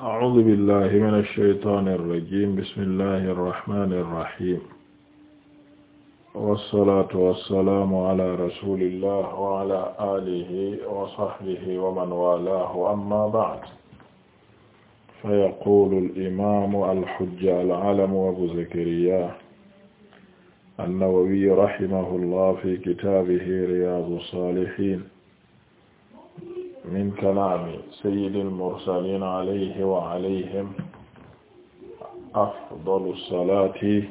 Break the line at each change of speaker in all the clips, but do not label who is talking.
أعوذ بالله من الشيطان الرجيم بسم الله الرحمن الرحيم والصلاة والسلام على رسول الله وعلى آله وصحبه ومن والاه أما بعد فيقول الإمام الحجة العلم أبو زكريا النووي رحمه الله في كتابه رياض الصالحين min kalaami sayyidil mursaliin alayhi wa alayhim afdalu salaati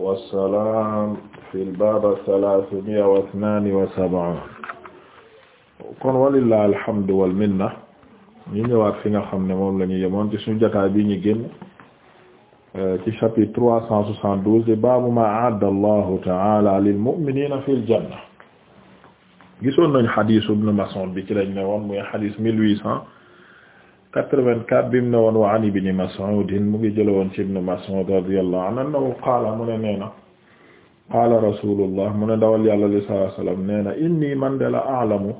wa salaam fil baab salaasumi'a wa isnaani wa alhamdu wal minna ñu ñëwaat fi nga xam ne moom la ñu yemoon ci suñu jotaay bi ñu génn euh, ci chapitre 372 baabu maa a'adda Allahu ta'aala lil mu'miniina fil janna gisoon nañu xadiisu Ibn Mas'ud bi ci lañ ne woon muy xadiis mille huit cent quatre-vingt-quatre bi mu ne woon wa an Ibn Mas'ud mu ngi jële woon ci Ibn Mas'ud radiyallahu anhu annahu qaala mu ne nee na qaala rasulullah mu ne dawal yàlla li sallallahu alayhi wasallam nee na inni man de la a'lamu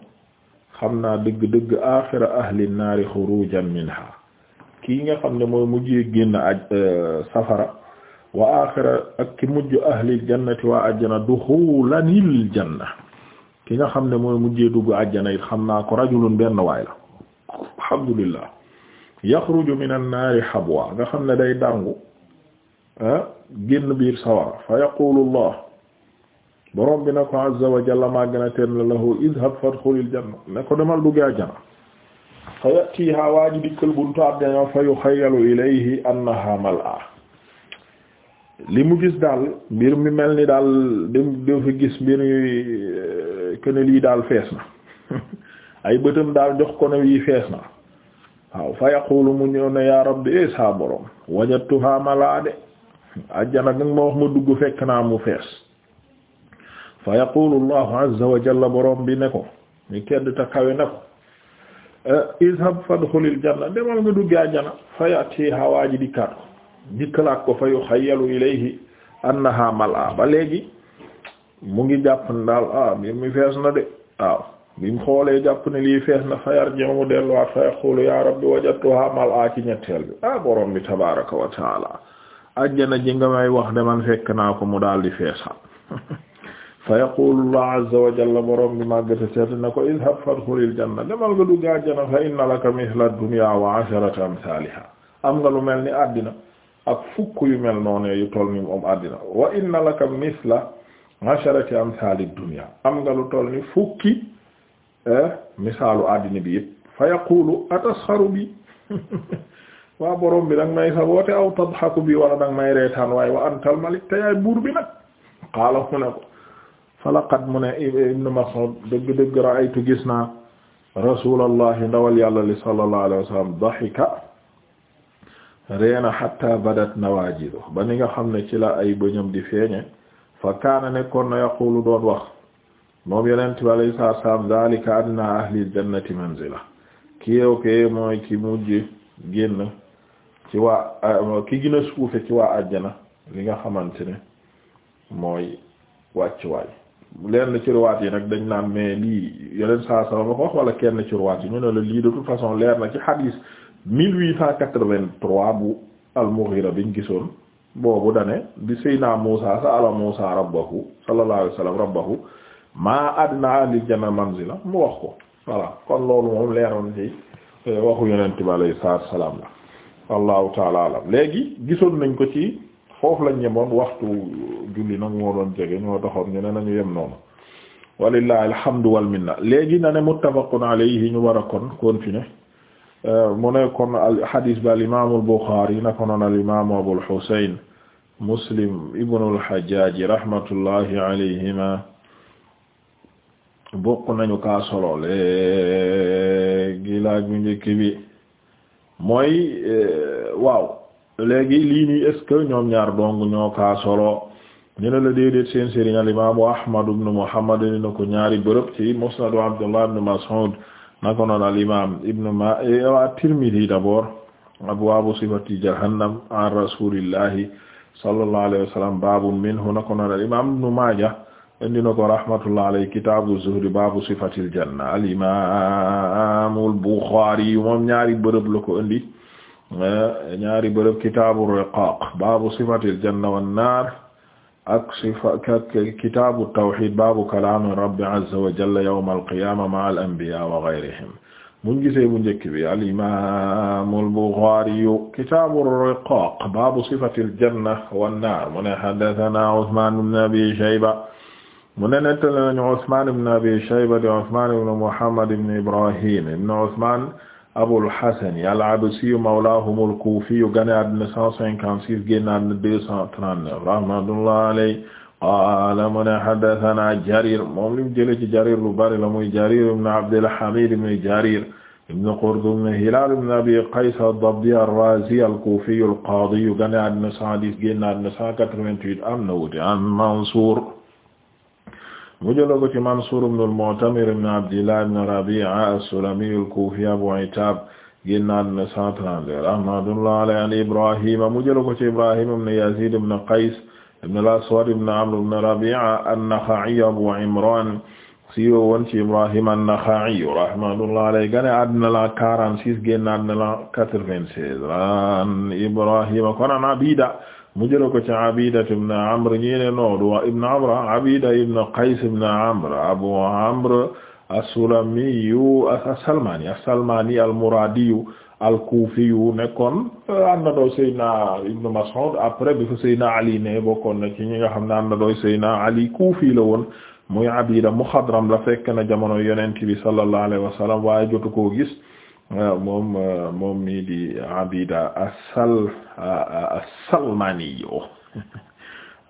xam naa dëgg-dëgg aaxira ahli naari xurujan minha kii nga xam ne mooy mujjee génn aj euh, safara wa aaxira ak ki mujj ahli jannati waa ajjana duxulanil janna ki nga xam ne mooy mujjee dugg àjjana it xam naa ko rajulun benn waay la alhamdulillah yaxruju min an-naari habwa nga xam ne day dàngu ah, génn biir sawara fa yaqulu allah borom bi na ko azza wa jalla maa gën a teen la lahu idhab fadkhulil janna ne ko demal dugg àjjana fa yatiha waa ji dikkal buntu àjjana fa yuxayyalu ilayhi annaha mal'a li mu gis daal mbir mi mel ni daal dem gis mbir mi kene lii daal fees na ay bëtam daal jox ko ne wii fees na waaw fa yaqulu mu ñëw ne yaa rabbi e borom wajadtuha malaa de ajjana nga ma wax ma dugg fekk naa mu fees fa yaqulu allahu azza wa borom bi ne ko mi kedd ta ne ko eh, izhab fadxulil janna demal nga dugg ajjana fa yati hawaaji dikkaat ko dikkalaat ko fa yuxayyalu ilayhi annaha malaa ba léegi mu ngi jàpp ne daal ah mbir mi fees na de waaw bi mu jàpp ne lii fees na fa yar mu delluwaat fa yaqulu ya rabbi wajadtuha mal'a ci ñetteel bi ah borom bi tabaraka wa taala ajjana ji nga may wax de man fekk naa ko mu daal di feesal fa yaqulu allah azza wa jalla borom bi màggata seet na ko idhab fadkhulil janna demal nga dugg ajjana fa inna laka mithla dunya wa asharata amthaliha am nga lu mel ni àddina ak fukk yu mel noonu yu toll ni moom masharati amsali dunya am nga lu toll ni fukki eh, misaalu addina bi yëpp fa yaqulu atasxaru bi waa borom bi danga may saboote aw tadhaku bi wala danga may reetaan waaye wa antal malik te yaay buur bi nag qaala mu ne ko fa laqad mu ne ibnu Mas'ud dëgg dëgg ra'aytu gis naa rasulallahi ndawal yàlla li sallallahu alayhi wa sallam dahika reena hatta badat nawajidu ba ni nga xam ne ci la ay bëñam di feeñe fa kaana nekkoon na lu doon wax moom yonent bi alayhi salaatu salaam zaalika adnaa ahli jannati manzila ki yow kee mooy ki mujj génn ci waa ki gën suufe ci waa àjjana li nga xamante ne mooy leer na ci ruwaat yi nag dañ naan mais lii yeneen saa salaam a wax wala kenn ci ruwaat yi ñu ne la lii de toute façon leer na ci xadiis 1883 bu al-Mughira biñ gisoon. boobu dane bi sayna Muusa sa'ala Muusa rabbahu sallallahu alayhi wasallam rabbahu ma adna ahlil janna manzila mu wax ko voilà kon loolu moom leeroon ci eh, waxu yonent bi alayhi salaatu salaam la wallahu taala alam léegi gisoon nañ ko ci foofu lañ ñemoon waxtu julli nag moo doon jege ñoo taxoon ñu ne nañu yem noonu walillahi alhamdu wal minna léegi na ne muttafaqun yi ñu war a kon continuer Euh, mu ne kon hadis bi al-imam al-Bukhari na ko noon al-imam Abul Husayn Muslim ibn al-Hajjaj rahmatullahi alayhima bokk nañu ka solo léegi laaj bu njëkk bi mooy euh, waaw léegi lii nii est-ce que ñoom ñaar dong ñoo ka solo ñu ne la déedéet seen sëriñ al-imam Ahmad ibn Muhammad ni na ko ñaari bërëb ci Musnad Abdullah ibn Mas'ud nako noon al imam ibnu Maaja wa Tirmidhi d'abord abwaabu sifati jahannam an rasuulillahi sallallahu alayhi wa sallam baabun minhu nako noon al imam ibnu Maaja indi na ko rahmatullah alayhi kitaabu zuhdi baabu sifatil janna al imam al Bukhari moom ñaari bërëb la ko indi eh, ñaari bërëb kitaabu riqaaq baabu sifatil janna wan naar ak sifa kitaabu tawxiid baabu kalaami rabbi azza wa jalla yawma alqiyaama ma'a al-anbiyaa wa ghayrihim mun gisee bu njëkk bi al-imaamu al-Buxaariyu kitaabu riqaaq baabu sifatil janna wan-naar mu ne haddasanaa Usmaan ibn Abii Shayba mu ne nettali nañu Usmaan ibn Abii Shayba di Usmaan ibn Muhammad ibn Ibraahiim ibn Usmaan Abul Hasan al-Absi mawlaahum al-Kufi gane àddina 156 génn àddina 239 rahmatullahi alayhi qaala mu ne haddathana Jarir moom li mu jëlee ci Jarir lu bari la muy Jarir ibn Abdil Hamid ibn Jarir ibn Qurt ibn Hilal ibn Abi Qays ad-Dabbi ar-Razi al-Kufi al-Qadi gane àddina 110 génn àddina 188 am na wuute am Mansur mu jëloon ko ci Mansuur ibn al-Mu'tamir ibn Abdillah ibn Rabi'a as-Sulami al-Kufi Abu Itab génnaat na 132 rahmatullahi alayhi an Ibrahima mu jëloon ko ci Ibrahima ibn Yazid ibn Qays ibn al-Aswad ibn Amr ibn Rabi'a an-Nakha'i Abu Imran siiwe woon ci Ibrahima an-Nakha'i rahmatullahi alayhi gane àddina la 46 génnaat na la 96 an Ibrahima kon an Abida mu jëla ko ci Abida ibn Amr ñi ne noodu wa ibn Amr Abida ibn Qays ibn Amr Abu Amr as-Sulami as-Salmani as-Salmani al-Muradi al-Kufi nekkoon euh, àndandoo Seydina Ibn Mas'ud après bi fu Seydina Ali ne bokkoon na ci ñi nga xam ne àndandoo Seydina Ali Kufi la woon muy Abida muxadram la fekk na jamono yonent bi sallallahu alayhi wa sallam jotu koo gis moom moom mii di Abida asal as-Salmani yo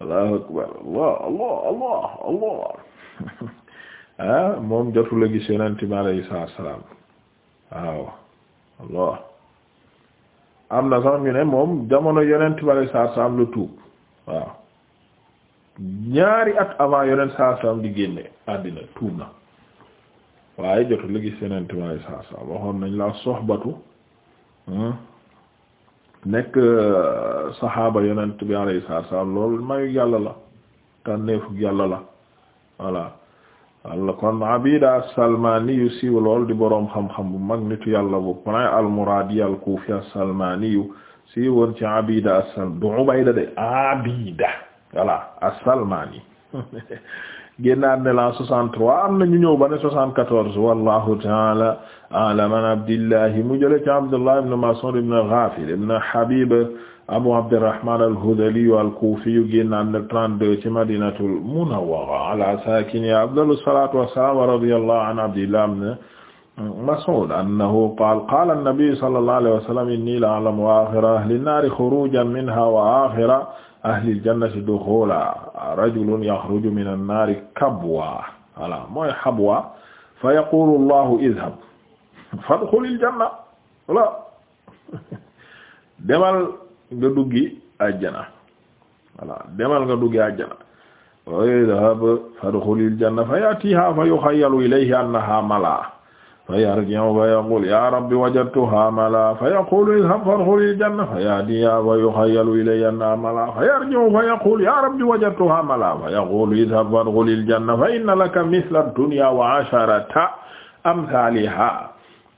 Allahu akbar Allah Allah Allah Allah ah moom jotul a gis Yonent bi alayhi salaam waaw Allah am na sax ñu ne moom jamono Yonent bi alayhi salaam lu tuub waaw ñaari at avant Yonent salaam di génne àddina tuub na waa jotu la gis yeneen timay saa saa waxoon nañ la soxbatu hmm, nekk euh, saxaaba yonent bi alayhi salaam loolu mayu yàlla la tànneefu yàlla la voilà walla kon abida as-salmani yu lool di boroom xam-xam bu mag nitu yàlla bu prin al-muradi al-kufi as-salmani yu siiwoon ci abida as-salm du ubayda de abida voilà as-salmani génnaat ne la 63 am na ñu ñëw ba ne 74 wallahu ta'ala a'lam an Abdillah mu jële ci Abdullah ibn Mas'ud ibn Ghafil ibn Habib Abu Abdurrahman al-Hudhali al-Kufi génnaat ne 32 ci Madinatul Munawwara ala sakiniha afdalu salatu wassalam wa radiyallahu an Abdillah ibn Mas'ud annahu qala qala an-nabi sallallahu alayhi wa sallam inni la'lamu akhira ahli an-nar khurujan minha wa akhira ahlil jannati duxula rajulun yaxruju min annaari kabwa voilà mooy xabwa fa yaqulu allahu idhab fadxulil janna voilà demal nga duggi àjjana voilà demal nga duggi àjjana wa idhab fadxulil janna fa yatiha fa yuxayyalu ilayhi annaha malaa fa yarji'u fa yaqulu ya rabbi wajadtuha mala fa yaqulu idhhab fadkhulil janna fa ya'tiha wa yukhayyalu ilayhi annaha mala fa yarji'u fa yaqulu ya rabbi wajadtuha mala fa yaqulu idhhab fadkhulil janna fa inna laka mithla ad-dunya wa 'asharata amthaliha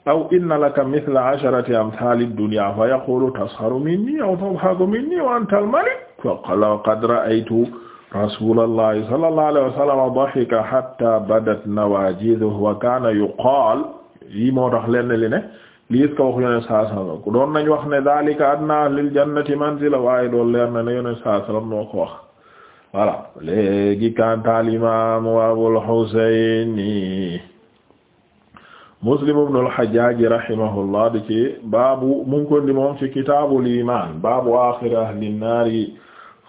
aw inna laka mithla 'asharati amthali ad-dunya fa yaqulu tasxaru minni aw tadhaku minni wa anta al-malik faqala qad ra'aytu rasulallahi sallallahu alayhi wa sallam dahika hatta badat nawajiduhu wa kana yuqalu lii moo tax lenn li ne lii it ka wax yoneen saa sallam doon nañ wax ne daalika adnaa lil jannati manzila waaye doon leer na ne yoneen saa sallam noo ko wax voilà léegi kantaal imam Abul Husayni Muslim ibn al-Hajjaj di ci baabu mu moom ci kitaabul iman baabu aaxir ahli naari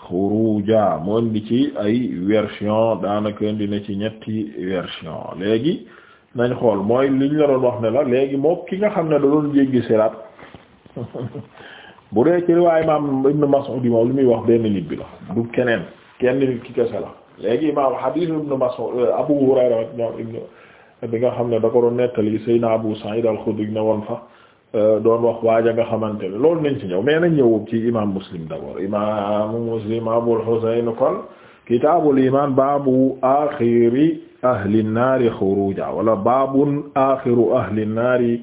xuruja moom ci ay version daanaka indi na ci ñetti version léegi nañ xool mooy liñ la doon wax ne la léegi moo ki nga xam ne da doon jéggi siraat bu dee ci riwaay imaam Ibn Mas'ud yi moom li muy wax benn nit bi la du keneen kenn nit ki kese la léegi imaam hadith Ibn Mas'ud Abu Hurayra ñoom ibn bi nga xam ne da ko doon nettali Seydina Abu Sa'id al-Khudri ne woon fa euh, doon wax waaja nga xamante ne loolu nañ ci ñëw mais nañ ñëw ci imaam Muslim d'abord imaam Muslim Abul Husayn kon kitaabul iman baabu axiri ahli naar xuruja wala baabun axiru ahli naari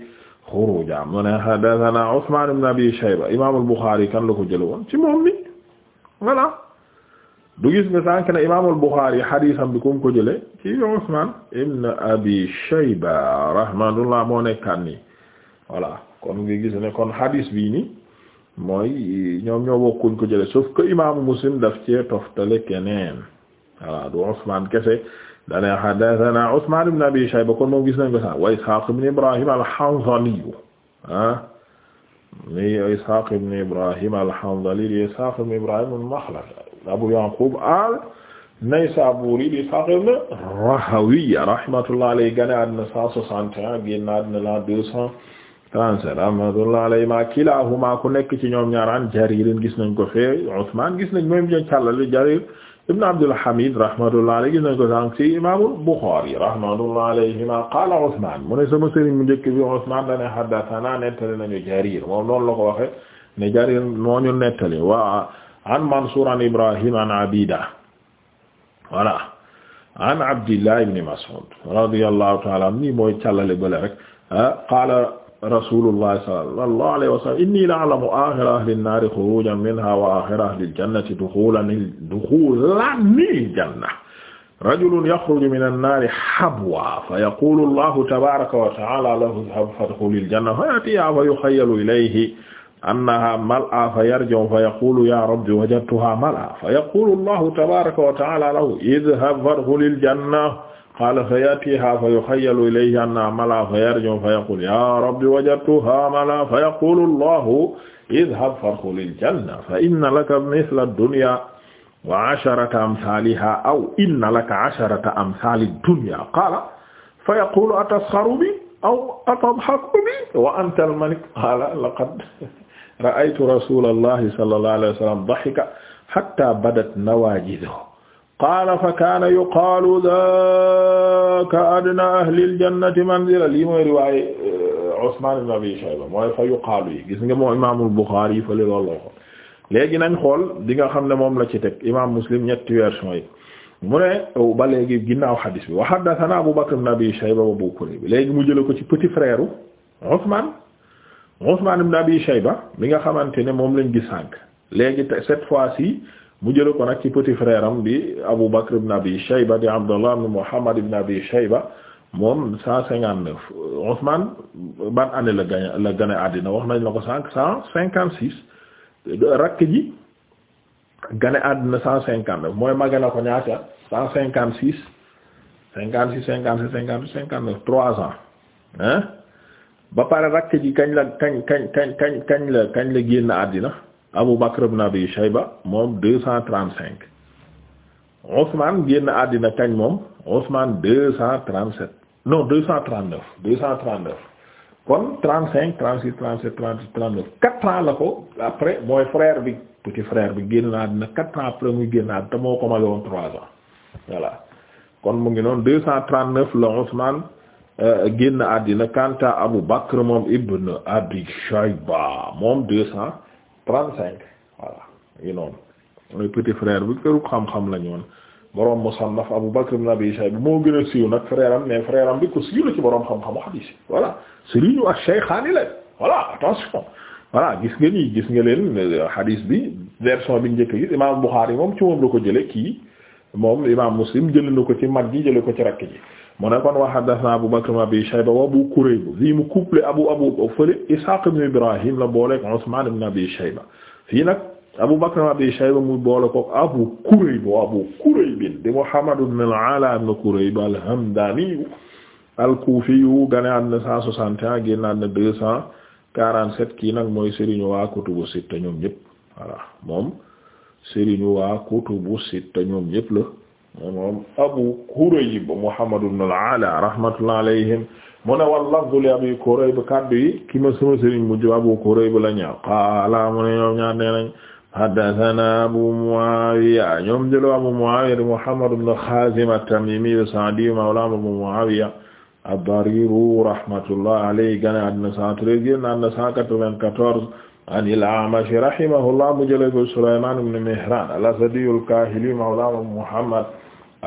xuruja mu ne haddathana Usmaan ibn Abi Shayba imaamul Buxaari kan la ko jëlee woon ci moom mi voilà du gis nga sànq ne Buxaari hadiisam bi ko ko jëlee ci Usmaan ibn Abi Shayba rahmatullah moo nekkaan nii voilà kon nga gis ne kon hadiis bii nii. mooy ñoom ñoo bokkuñ ko jële sauf que imaamu muslim daf cee toftale keneen voilà du Usmaan kese dane hadathana Usmaan ibn Abi Shayba moom gis nañ ko sax wa Ishaq ibn Ibrahim ah, Ibrahim al-Hanzali di Ibrahim al Abu Yaqub an-Naysaburi di Ishaq ibn Rahawiya rahmatullah alayhi gane àddina cent soixante et un génn 37 rahmatullah alayhima kilahuma ku nekk ci ñoom ñaaraan jaririn gis nañ ko fee Usmaan gis nañ moom ño càllale Jarir ibn Abdul Hamid rahmatullah alayhi gis nañ ko sànq ci Imaamul Bukhari rahmatullah alayhima qaala Usmaan mu ne sama sëriñ mu njëkk bi Usmaan dane haddathana nettali nañu Jarir moom noonu la ko waxe ne Jarir moo ñu nettali wa an Mansuur an Ibrahim an Abida voilà an Abdillah ibn Mas'ud radiyallahu ta'ala nii mooy càllale bale rek ah, qaala rasulullah sallallahu alayhi wa sallam inni la a'lamu akhira ahli an-nar khurujan minha wa akhira ahli al-jannati dukhulan dukhulan al-janna rajulun yakhruju min an-nar habwa fa yaqulu Allahu tabaraka wa ta'ala lahu idhhab fadkhul al-janna fa ya'tiha wa yukhayyalu ilayhi annaha mal'a fa yarji'u fa yaqulu ya rabbi wajadtuha mal'a fa yaqulu Allahu tabaraka wa ta'ala lahu idhhab fadkhul al-janna qaala fa yatiha fa yuxayyalu ilayhi annahaa malaa fa yarji'u fa yaqulu yaa rabbi wajadtuhaa malaa fa yaqulu allahu idhab fadkhulil janna fa inna laka mithla ad-dunyaa wa asharata amsaalihaa aw inna laka asharata amsaali ad-dunyaa qaala fa yaqulu atasxaru bi aw atadhaku bi wa anta al-malik qaala laqad ra'aytu rasuulallahi sallallahu alayhi wa sallam dahika hattaa badat nawaajizuhu qaala fa kaana yuqaalu daaka adna ahlil jannati manzila lii mooy riwaaye euh, Usmaan ibn Abi Shayba mooy fa yuqaalu yi gis nga moo imaamul Buxaari yi fële loolu la ko léegi nañ xool di nga xam ne moom la ci teg imaam Muslim ñetti version yi mu ne oh, ba léegi ginnaaw xadiis bi wa haddathana Abu Bakr ibn Abi Shayba wa Abu Kurayb léegi mu jële ko ci petit frère Usmaan Usmaan ibn Abi Shayba mi nga xamante ne moom lañ gis sànq léegi cette fois-ci mu jële ko nag ci petit frère am bi Abu Bakr bi Abi Shayba di Abdullah na Muhammad ibn Abi Shayba moom cent cinquante neuf Ousmane ban année la gane la gane àddina wax nañ la ko sànq cent cinquante six rakk ji gane àddina cent cinquante neuf mooy mage ko ñaata cent cinquante six cinquante six cinquante cinquante cinquante neuf trois ans hein ba pare rakk ji kañ la kañ kañ kañ kañ kañ la kañ la génn àddina Abu Bakr ibn Abi Shayba moom deux cent trente-cinq Ousmane génn àddina kañ moom Ousmane deux cent trente-sept non deux cent trente-neuf deux cent trente-neuf kon trente-cinq trente-six trente neuf quatre ans la ko après mooy frère bi petit frère bi génn àddina quatre ans après muy génn àddina te moo ko trois ans voilà kon mu ngi noonu deux cent trente-neuf la Ousmane euh, génn àddina kanta Abu Bakr moom ibn Abi Shayba moom trente cinq voilà yi noonu mooy petit frère bi këru xam-xam la ñu woon borom musannaf Abu Bakr ibn Abi Shayba moo gën a siiw nag frère am mais frère am bi ko siiw la ci borom xam-xamu hadiis voilà sëriñu ash-shaykhaani la voilà attention voilà gis nga nii gis nga leen euh, hadiis bi version bi njëkk gis imaam Buxaari moom ci moom la ko jëlee kii moom imaam Muslim jëlee na ko ci mag ji jëlee ko ci rakk ji. moo ne kon wa haddathana Abu Bakr ibn Abi Shayba wa Abu Kurayb lii mu couple abu abu fële Ishaq ibn Ibrahim la booleeg Usman ibn Abi Shayba fii nag Abu Bakr ibn Abi Shayba mu boole ko Abu Kurayb wa Abu Kurayb di Muhammad ibn al-Ala ibn Kurayb al-Hamdani al-Kufi gane àddina 161 génn àddina 247 kii nag mooy sëriñu waa kutubu sitta ñoom ñëpp voilà moom sëriñu waa kutubu sitta ñoom ñëpp la. moom Abu Kurayb Muhammad ibn al-Ala rahmatullah alayhim mu ne wal lafdu li Abi Kurayb kaddu yi ki ma sama sëriñ mujj Abu Kurayb la ñaaw qaala mu ne ñoom ñaar nee nañ haddathana Abu Muawiya ñoom jëlo Abu Muawiya Muhammad ibn Khazim at-Tamimi as-Sa'di mawla Abu Muawiya ad-Darir rahmatullah alayhi gane àddina 113 génn àddina 194 an al-A'mash rahimahullah mu jëlo ko Sulayman ibn Mihran al-Asadi al-Kahili mawla Muhammad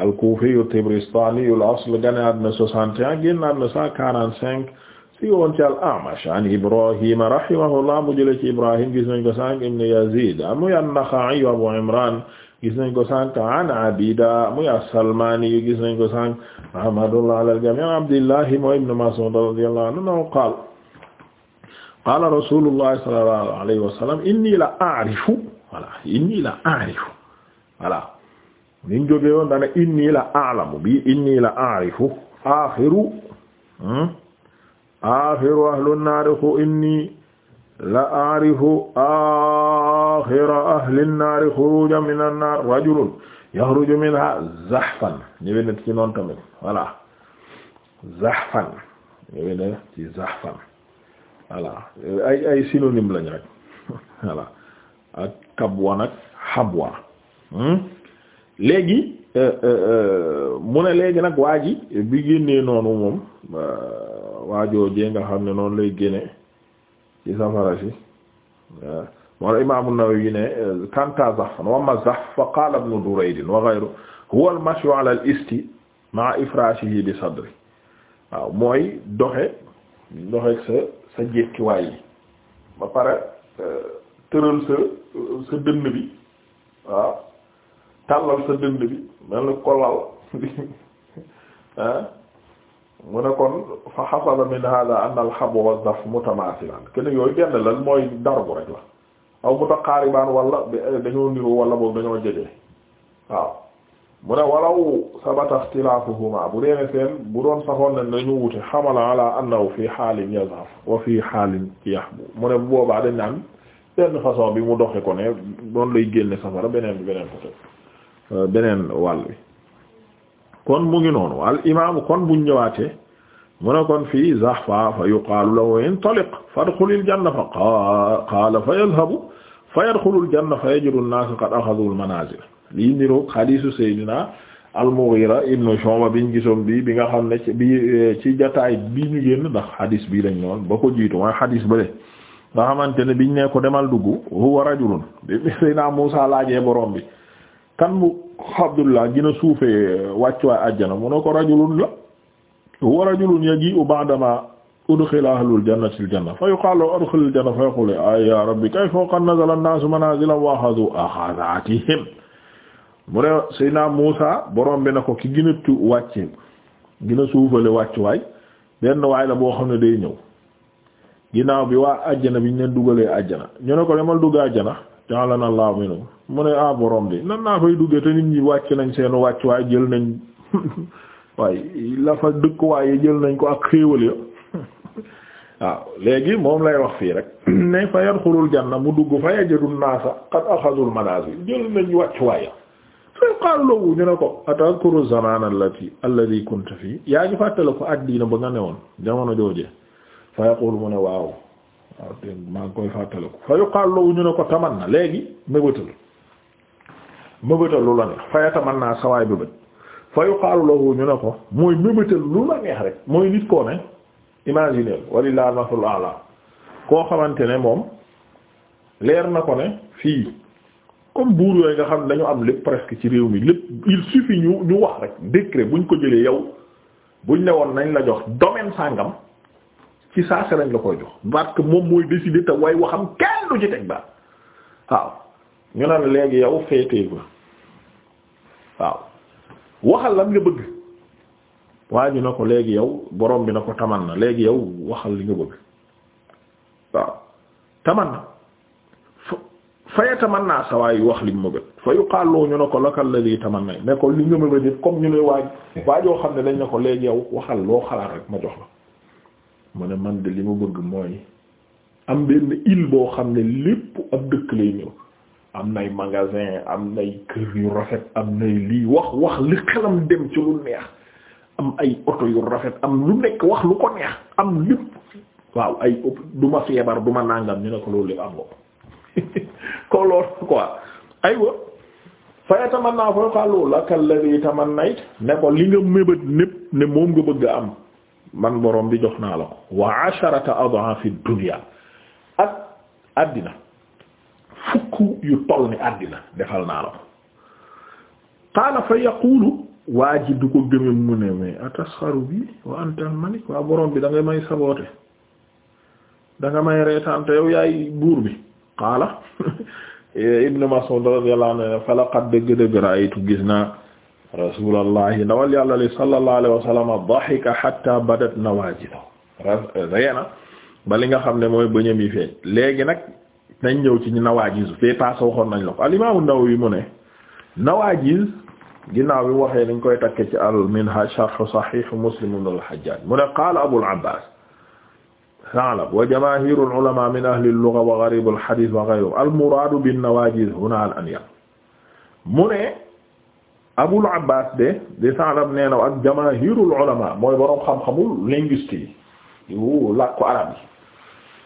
al-Kufi at-Tabaristaani al-asl ganaat na 61 génnaat na 145 si woon ci al-A'mash an Ibrahim rahimahullah mu jëlee ci Ibrahim gis nañ ko sànq ibn Yazid muy an-Nakha'i Abu Imran gis nañ ko sànq an Abida muy as-Salmani gis nañ ko sànq rahmatullah ala al-jami' Abdullah mooy ibn Mas'ud radiyallahu anhu qaal qaala rasulullah sallallahu alayhi wa sallam inni la a'rifu voilà inni la a'rifu voilà niñ jóge woon dana inni la a'lamu bi inni la a'rifu axiru hmm? axiru ahlun naari xu inni la a'rifu axira ahlin naari xuruja min an-naar rajulun yaxruju minha zahfan ñëwe na ay ay synonyme lañ rek voilà ak kabwa nag habwa hmm? léegi euh, euh, euh, mu ne léegi nag waa ji bi génnee noonu moom waajoojee nga xam ne noonu lay génne ci safara si moo imaamu Nawawi ne kanta zahfan wa amma zahf fa qaala ibnu Durayd wa ghayruhu huwa al-mashyu ala al-isti ma'a ifraashihi bi sadri waaw mooy doxe doxe sa sa jékkiwaay yi ba pare tëral sa sa dënn bi waaw tàllal sa dënd bi mel ni kolal ah? mu ne kon fa xasala min hada an alxabu wa daf kenn yooyu benn lan mooy darbu rek la aw mutaqaaribaan wala eh, dañoo niroo wala boobu dañoo jege waaw mu ne walaw sabata ixtilaafuhuma bu dee seen bu doon saxoon na dañu wute xamala ala annahu fi xaalin yazaf wa fi xaalin yahbu mu ne bu boobaa dañ naan benn façon bi mu doxe ko ne doon lay génne safara beneen bi beneen côté Euh, beneen wàll bi kon mu ngi noonu al imaamu kon buñ ñëwaatee mu ne kon fii zahfa fa yuqaalu lahu intaliq fadxulil janna fa qaala fa yadhabu fa yadxulul janna fa yajidu an-naas qad axadul manaazil lii niroog hadiisu Seydina al-Mughira ibnu Shu'ba gisoon bi bi nga xam ne ci bi ci jataay bi ñu génn ndax hadis bii lañ noonu ba ko jiitu mooy hadis bële nga xamante ne biñ ne ko demal dugg huwa rajulun bi Seydina Muusaa laajee borom bi kan mu Abdullah gën a suufee wàccuwaay àjjana mu ne ko rajulun la huwa rajulun yaji'u ba'dama udkhila ahlul jannati al janna fa yuqalu udkhilil janna fa yaqulu ay ya rabbi kayfa qad nazala an-nasu manazilan wa akhadhu akhazatihim mu ne Seydina Muusa borom bi na ko ki gën a tu wàcce gën a suufale wàccuwaay benn waay la boo xam ne day ñëw ginnaaw bi waa àjjana bi ñu leen dugalee àjjana ñu ne ko demal dugg àjjana ja'alana Allahu minhum mu ne ah borom bi nan naa fay duggee te nit ñi wàcc nañ seenu wàcc waaye jël nañ waaye la fa dëkk waaye jël nañ ko ak xéewal ya waaw léegi moom lay wax fii rek ne fa yadxulul janna mu dugg fa yajidu naasa qad axadul manaasi jël nañ wàcc waaye fa yuqaalu lahu ñu ne ko atadkuru zamaan allati alladi kunta fii yaa ñu fàttale ko àddina ba nga woon jamono joojee fa yaqul mu ne waaw waaw dégg maa ngi koy fàttale ko fa yuqaalu lahu ñu ne ko taman na léegi mébétal mëbëtal lu la neex fayataman naa sawaay bëbët fa yuqaalu lahu ñu ne ko mooy mëbëtal lu la neex rek mooy nit koo ne imaginer walillahi masul ala koo xamante ne moom leer na ko ne fii comme buur yooyu nga xam ne dañu am lépp presque ci réew mi lépp il suffit ñu ñu wax rek décret buñ ko jëlee yow buñ ne woon nañ la jox domaine sàngam ci saase lañ la koy jox parce que moom mooy décider te way waxam kenn du ci teg ba waaw ñu naan léegi yow féetee ko waaw waxal lan nga bëgg waa ji na ko léegi yow boroom bi na ko taman na léegi yow waxal li nga bëgg waaw taman na faye taman naa sa waay wax li mu bëgg fa yuqaaloo ñu ne ko laka alladhi tamanna ne ko li nga mëbëj yëpp comme ñu ne waaj waajoo xam ne dañ ne ko léegi yow waxal loo xalaat rek ma jox la mu ne man de li ma bëgg mooy am benn île boo xam ne lépp ab dëkk lay ñëw am nay magasin am nay kër yu rafet am nay lii wax wax li xelam dem ci lu neex am ay oto yu rafet am lu nekk wax lu ko neex am lépp waaw ay du ma feebar du ma nàngam ñu ne ko loolu lépp am ko ko loolu quoi aywa faya tamanna fa yuqalu laka alladhi tamannayt ne ko li nga mébét népp ne moom nga bëgg am man boroom bi jox naa la ko wa asharata adhafi dunya ak àddina fukk yu toll ni àddina defal naa la ko qaala fa yaqulu waa du ko gëme mu ne mais atasxaru bi wa antal malik waa borom bi da nga may saboote da nga may reetaan te yow yaay buur bi qaala ibnu mas'ud radiyallahu anhu fa laqad dëgg-dëgg ra'aytu gis naa rasulallahi ndawal yàlla li sallallahu alayhi wa sallam dahika hatta badat nawaajidu reena ba nga xam ne mooy bëñam yi feeñ léegi nag nañ ñëw ci nawaajiz fee paase waxoon nañ la ko al imaamu mu ne nawaajiz ginnaaw bi mu waxee nañ koy takke ci al minhaj sharh sahih muslim ibn al hajjaj mu ne qaala abul abbas Sa'lab wa jamaahir al ulama bin nawaajiz huna al anyab mu ne abul abbas de de Sa'lab nee na ak jamaahir al ulama mooy boroom xam-xamul linguiste yi yu làkku arab yi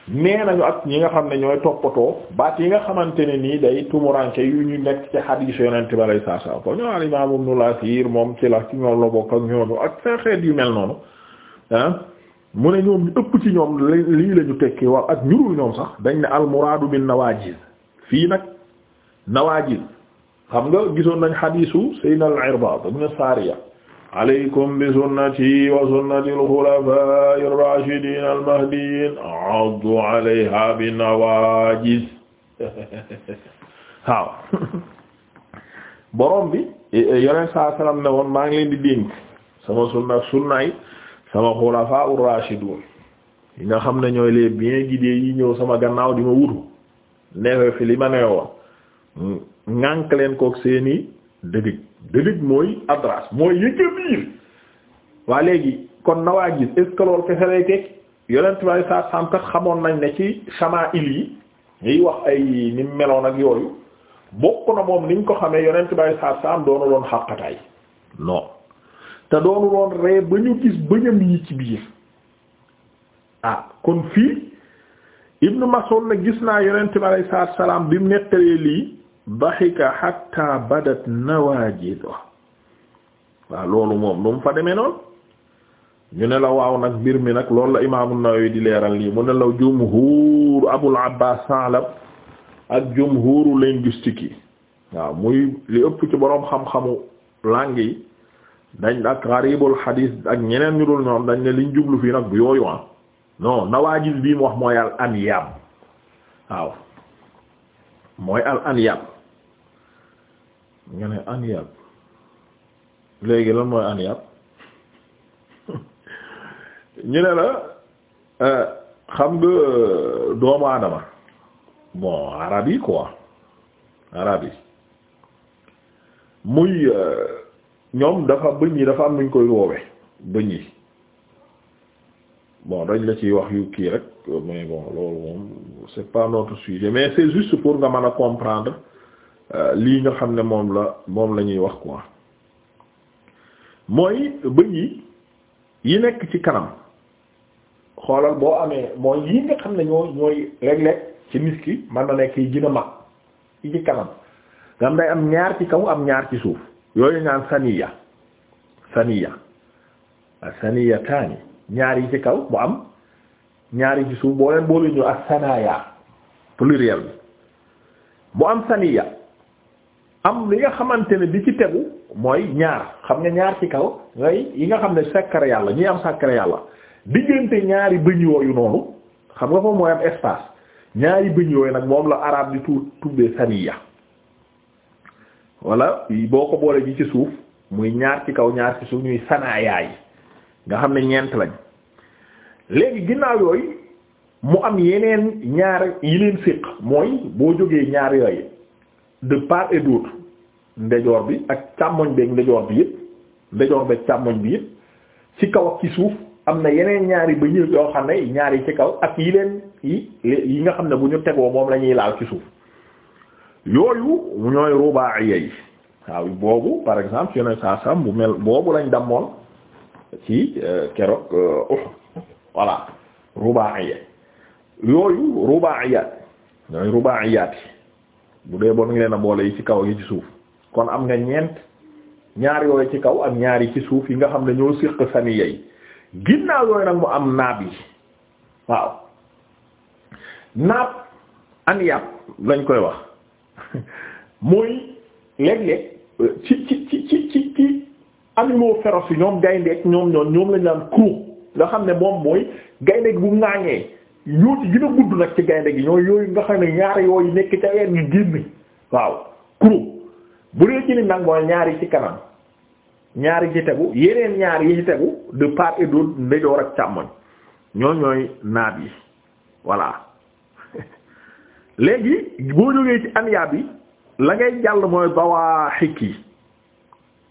nee nañu ak ñi nga xam ne ñooy toppatoo baat yi nga xamante ne nii day tumuraanke yu ñu nekk ci xadiis yonent ba lay saa saa ko ñoo al imaam Ibnul Asiir moom ci la ci ñoom la bokk ak ñoom ak seen yu mel noonu ah mu ne ñoom ëpp ci ñoom lii lañu ñu tekki wax ak ñurul ñoom sax dañ ne al muraadu bin nawaajiz fii nag nawaajiz xam nga gisoon nañ xadiisu Sayyidina al Irbaad ibn Saariya alaykum bi sunnati wa sunnati al-khulafaa'i ar-raashidiin addu alayhaa bin-nawaajiz waaw borom bi yoneen saa salaam ne woon maa ngi leen di dénk sama sunna sunnaay sama xulafaa'u raashiduun yi nga xam ne ñooy les bien guidés yi ñëw sama gannaaw di ma wutu neefe fi li ma nee woon ŋànk leen kook seeni dëgg délig mooy adras mooy yëgga biir waa léegi kon nawaa gis est ce que loolu kese lay teg saa saam kat xamoon nañ ne ci samaa'il yi yiy wax ay ni meloon ak yooyu bokk na moom niñ ko xamee yonent bay saa saam doonu doon xàqataay non te doonu doon ree ba ñu gis bëñam yi ci biir ah kon fii Ibnu Mas'ud na gis naa yonent bi alayhi salaatu salaam bi mu nettalee lii daxika xatta badat nawaajido waaw loolu moom lu mu fa demee noonu ñu ne la waaw nag mbir mi nag loolu la imaamu Nawawi di leeral lii mu ne la jumhuur Abul Abbaas Sa'lab ak jumhuuru linguistique yi waaw muy li ëpp ci boroom xam-xamu langue yi dañ ak gharibul hadith ak ñeneen ñu dul ñoom dañ ne liñ jublu fii nag bu yooyu ah non nawaajiz bii mu wax mooy al anyaab waaw mooy al anyaab nga ne aniyab léegi lan mooy aniyab ñu ne la euh, xam nga euh, doomu aadama bon arab yi quoi arab yi muy euh, ñoom dafa bëñ yi dafa am nuñ koy woowe bëñ yi bon dañ la ciy wax yu kii rek mais bon loolu moom c'est pas notre sujet mais c'est juste pour nga mën a comprendre Euh, lii nga xam ne moom la moom lañuy wax quoi mooy bëñ yi yi nekk ci kanam xoolal boo amee mooy yi nga xam ne ñoo ñooy léeg-léeg ci nit ki mën na nekk yi gën a mag yi ci kanam nga am day am ñaar ci kaw am ñaar ci suuf yooyu ñaan saniya saniya saniya taani ñaar yi ci kaw mu am ñaar yi ci suuf boo leen boole ñu ak sanaya pluriel bi mu am saniya am li nga xamante ne bi ci tegu mooy ñaar xam nga ñaar ci kaw ngay yi nga xam ne sàkkara yàlla ñi am sàkkara yàlla diggante ñaari bëñ yooyu noonu xam nga foofu mooy am espace ñaari bëñ yooyu nag moom la arab di tu tuddee saniya wala boo ko boole ji ci suuf muy ñaar ci kaw ñaar ci suuf ñuy sanaayaay nga xam ne ñeent lañ léegi ginnaaw yooyu mu am yeneen ñaar yi leen séq mooy boo jógee ñaar yooyu de part et d'autre ndejoor bi ak càmmoñ beeg ndejoor bi yëpp ndejoor beeg càmmoñ bi yëpp ci kaw ak ci suuf am na yeneen ñaari ba ñu yoo xam ne ñaar ci kaw ak yi leen yi yi nga xam ne bu ñu tegoo moom lañuy ñuy laal ci suuf yooyu ñooy rubaaya yi waaw boobu par exemple yeneen saa sam bu mel boobu lañ dammoon ci euh, keroog euh, voilà rubaaya yooyu rubaaya ñooy rubaayaat bu dee bon leen a boole yi ci kaw yi ci suuf kon am nga ñeent ñaar yooyu ci kaw ak ñaar yi ci suuf yi nga xam ne ñoo siq sani yey ginnaaw yooyu nag mu am naab yi waaw naab an lañ koy wax mooy léeg-léeg ci ci ci ci ci ci animaux yi ñoom gayndeek ñoom ñoom ñoom lañ naan cru nga xam ne moom mooy gayndeek bu ŋaañee ñoo ci gudd nag ci gaynde gi ñooy yooyu nga xam ne ñaar yooyu nekk ca weer gi génn waaw kuréel bu dee ci ni nag mooy ñaari ci kanam ñaari ci tegu yeneen ñaar yi ci tegu de part et d'autre ndeyjoor ak càmmoñ ñooñooy ñooy naat yi voilà léegi boo jógee ci anyaab yi la ngay jàll mooy bawaaxik yi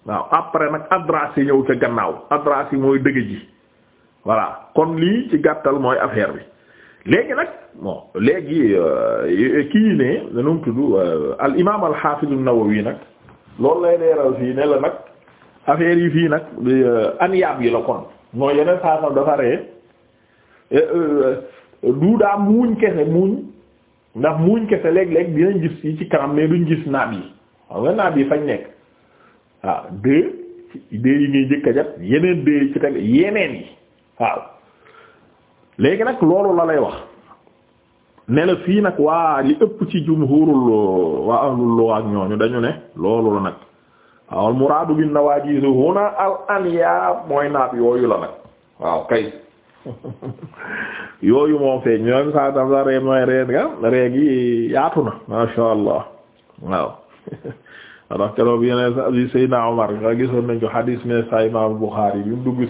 waaw après nag adras yi ñëw ca gannaaw adras yi mooy dëgg ji voilà kon lii ci gàttal mooy affaire bi. léegi nag bon léegi euh, kii ne nu mu tudd euh, al imaam al xaafiz an-Nawawi nag loolu lay leeral fii ne la nag affaire yi fii nag euh, anyaab yi la kon moo yeneen saasam dafa ree du daa muuñ kese muuñ ndax muuñ kese léeg-léeg dinañ gis yi ci kanam mais duñ gis naab yi xam nga naab yi fañ nekk waaw deux deux yi ngay njëkk a yeneen deux yi ci teg yeneen yi waaw léegi nag loolu la lay wax ne la fii nag waa li ëpp ci jumhurul waa ahlul luwa ak ñooñu dañu ne loolu la nag waaw al muraadu bin nawaajiz huna al anya mooy naat yooyu la nag waaw kay yooyu moom feeñ ñoom saa tam sax ree mooy reen nga ree gi yaatu na masha allah waaw ndax keroog yeneen sa bi Seydina nga gisoon nañ ko xadiis ne sa imaam Buxaari bi mu dugg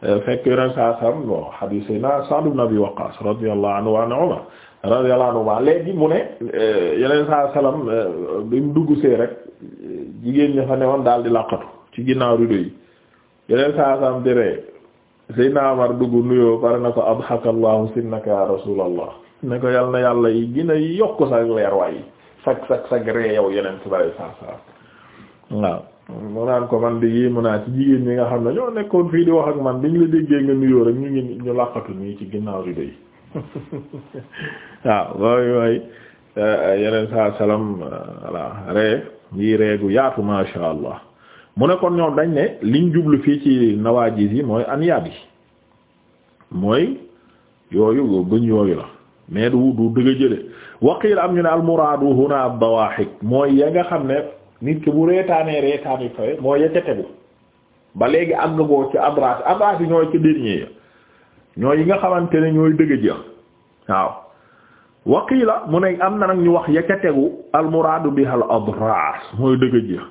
fekk yoneen saa sam bon hadis yi na Sa'd ibn Abi Waqqas radiyallahu anhu wa an Umar radiyallahu léegi mu ne euh, yeneen saa salam euh, bi mu dugg see rek jigéen ña fa newoon daal di laqatu ci ginnaaw rido yi yeneen saa salam di ree Seydina Umar dugg nuyoo pare na ko adhakallahu sinnaka ya rasulallah ne ko yal na yàlla yi gën yokk sa leer waay sag sag ree yow yeneen si bare saa salam waaw mu naan ko man de yéemu naa ci jigéen ñi nga xam ne ñoo nekkoon fii di wax ak man bi ñu la déggee nga nuyoo rek ñu ñu laqatu nii ci ginnaaw rido yi waaw waaye waaye eh, yeneen saa salaam eh, voilà ree reegu yaatu masha allah mu ne kon ñoom dañ ne liñ jublu fii ci nawaajis yi mooy anyaab yi mooy yooyu bëñ yooyu la mais du du dëgg jële waqiil am ñu ne almuraadu huna ad mooy ya nga xam ne nit ki bu reetaanee reetaan yu kawe moo yecca tegu ba léegi am nga boo ci abraas abraas yi ñooy ci dernier ñooy yi nga xamante ne ñooy dëgg jeex waaw waqiila mu ne am na nag ñu wax yecca tegu almuraadu biha al abraas mooy dëgg jeex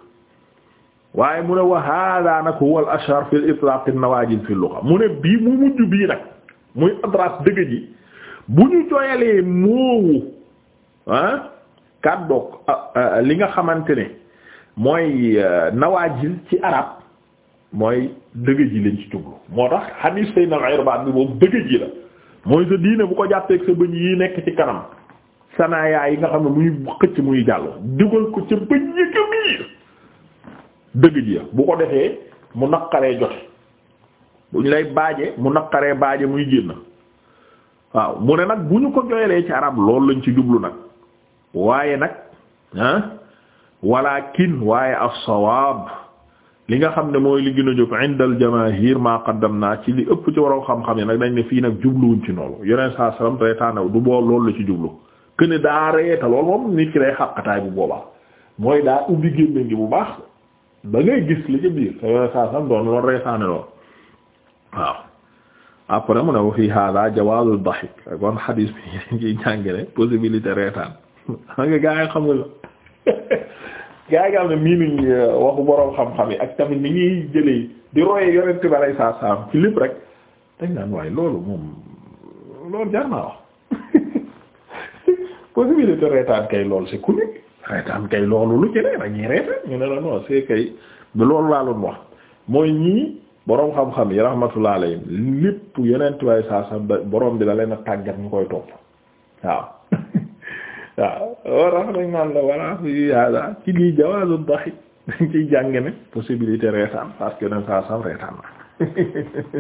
waaye mu ne wa hada nag huwa al ashhar fi al itlaq al nawajid fi mu ne bii mu mujj bii nag muy abraas dëgg ji bu ñu jooyalee moowu ah kàddoog ah, ah, li nga xamante ne mooy euh, nawaajil ci arab mooy dëgg ji lañ ci jublu moo tax hadith sayna al-Irbaad bi boobu dëgg la mooy sa diine bu ko jàppeeg sa bëñ yi nekk ci kanam sanaayaa yi nga xam ne muy xëcc muy jàll dugal ko ca bëñ yi ka miir dëgg ji bu ko defee mu naqaree jote bu ñu lay baaje mu naqaree baaje muy génn waaw mu ne nag bu ñu ko joyelee ci arab loolu lañ ci jublu nag waaye nag ah, walakin waaye as-sawaab li nga xam ne mooy liggin gën a jóg inda al-jamaahir maa ci li ëpp ci waroo xam-xam yi nag dañ ne fii nag jubluwuñ ci noonu yeneen saa salaam reetaanaw du bool loolu la ci jublu que daa reeta lool moom nit ki day xàqataay bu boobaa mooy daa ubbi génne ngi bu baax da ngay gis li ci biir te yeneen saa salaam doon loolu reetaane lool waaw. après mu ne wa fii haadaa jawaazu dahik kon xadiis bi ngi jàngale possibilité reetaan xam nga gaa yi xamul. gaa yi nga xam ne miinuñ uh, waxu boroom xam-xam yi ak tamit ni ñuy jëlee di royee yonent bi alay saa saam ci lépp rek dañ naan waaye loolu moom loolu jar naa wax possibilité reetaan kay loolu c'est cool reetaan kay loolu lu ci ne dañuy reetaan ñu ne la non c'est kay loolu laa wax mooy ñii boroom xam-xam yi rahmatullah alayhim lépp yonent bi alay saa saam boroom bi da leen tàggat ñu koy topp waaw waaw warax dañ naan la wala fi hada ci lii jawaazu dahi dañ ciy jàng ne possibilité reetaan parce que nen saa sam reetaan na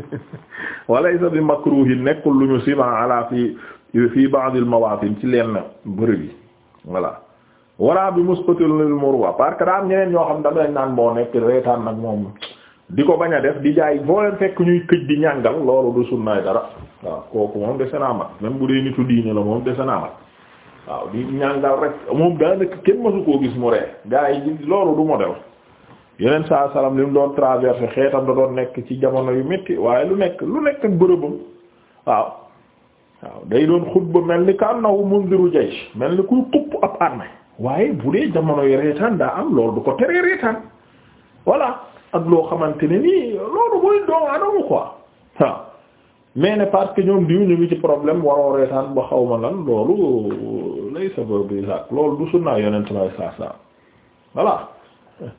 walaysa bi makruhin nekkul lu ñu sima ala fi fi ba'd al mawaatin ci lenn bërëb yi voilà wala bi musqatil lil murwa parce que daa am ñeneen ñoo xam dañ naan boo nekk reetaan nag moom di ko bañ a def di jaay boo leen fekk ñuy këj di ñàngal loolu du sunnaay dara waaw kooku moom dese naa mat même bu dee waaw di ñàngal rek moom daanaka kenn mësu koo gis mu ree gaa yi loolu du modèle yeneen saa salaam li mu doon traversé xeetam da doon nekk ci jamono yu metti waaye lu nekk lu nekk ak bërëbam waaw waaw day doon xutba mel ni ka annahu mundiru jaysh mel ni kuy xupp ab armée waaye bu dee jamono yi reetaan daa am loolu du ko teree reetaan voilà ak loo xamante ne nii loolu mooy doomu aadama quoi waaw mais ne parce que ñoom diw ñu ngi ci problème waroo reetaan ba xaw ma lan loolu lay sa bi sac loolu du sunnaa yonent sallallahu alayhi wasallam voilà